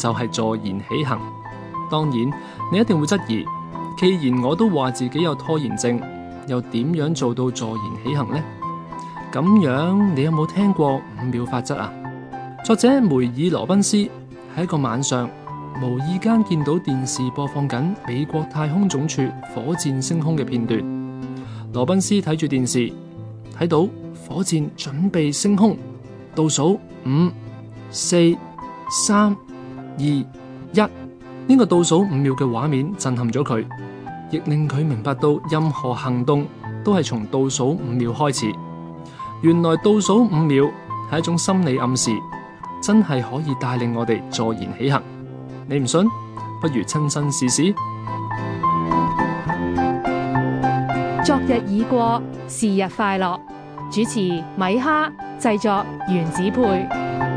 就係、是、坐言起行。當然，你一定會質疑，既然我都話自己有拖延症，又點樣做到坐言起行呢？咁樣，你有冇聽過五秒法則啊？作者梅爾羅賓斯喺一個晚上無意間見到電視播放緊美國太空總署火箭升空嘅片段。羅賓斯睇住電視，睇到火箭準備升空，倒數五四三。二一，呢個倒數五秒嘅畫面震撼咗佢，亦令佢明白到任何行動都係從倒數五秒開始。原來倒數五秒係一種心理暗示，真係可以帶領我哋坐言起行。你唔信，不如親身試試。昨日已過，是日快樂。主持米哈，製作原子配。